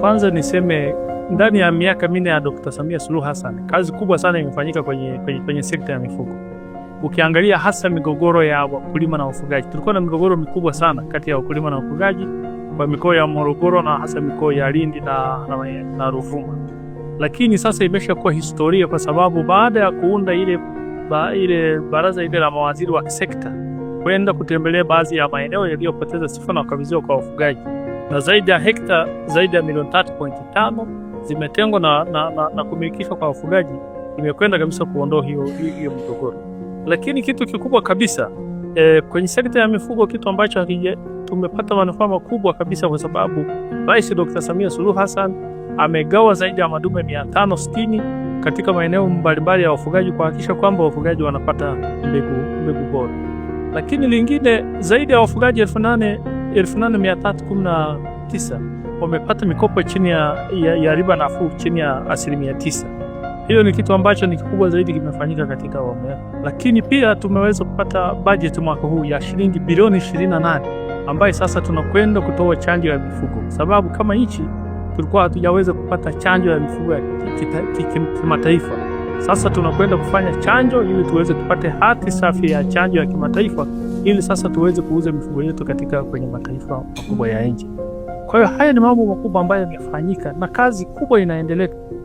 Kwanza niseme ndani ya miaka minne ya Dkt. Samia Suluhu Hassan kazi kubwa sana imefanyika kwenye, kwenye, kwenye sekta ya mifugo. Ukiangalia hasa migogoro ya wakulima na wafugaji, tulikuwa na migogoro mikubwa sana kati ya wakulima na wafugaji kwa mikoa ya Morogoro na hasa mikoa ya Lindi na, na, na Ruvuma, lakini sasa imeshakuwa historia kwa sababu baada ya kuunda ile, ba, ile baraza ile la mawaziri wa sekta kwenda kutembelea baadhi ya maeneo yaliyopoteza sifa na kukabidhiwa kwa wafugaji na zaidi ya hekta zaidi ya milioni tano zimetengwa na, na, na, na kumilikishwa kwa wafugaji, imekwenda kabisa kuondoa hiyo, hiyo mgogoro. Lakini kitu kikubwa kabisa e, kwenye sekta ya mifugo, kitu ambacho tumepata manufaa makubwa kabisa, kwa sababu Rais Dr. Samia Suluhu Hassan amegawa zaidi ya madume 560 katika maeneo mbalimbali ya wafugaji kuhakikisha kwamba wafugaji wanapata mbegu bora, lakini lingine zaidi ya wafugaji elfu nane 1319 wamepata mikopo chini ya, ya, ya riba nafuu chini ya asilimia tisa. Hiyo ni kitu ambacho ni kikubwa zaidi kimefanyika katika awamu ya lakini pia tumeweza kupata bajeti mwaka huu ya shilingi bilioni 28 ambayo sasa tunakwenda kutoa chanjo ya mifugo, sababu kama nchi tulikuwa hatujaweza kupata chanjo ya mifugo ya kimataifa. Sasa tunakwenda kufanya chanjo ili tuweze kupate hati safi ya chanjo ya kimataifa ili sasa tuweze kuuza mifugo yetu katika kwenye mataifa makubwa ya nje. Kwa hiyo haya ni mambo makubwa ambayo yamefanyika na kazi kubwa inaendelea.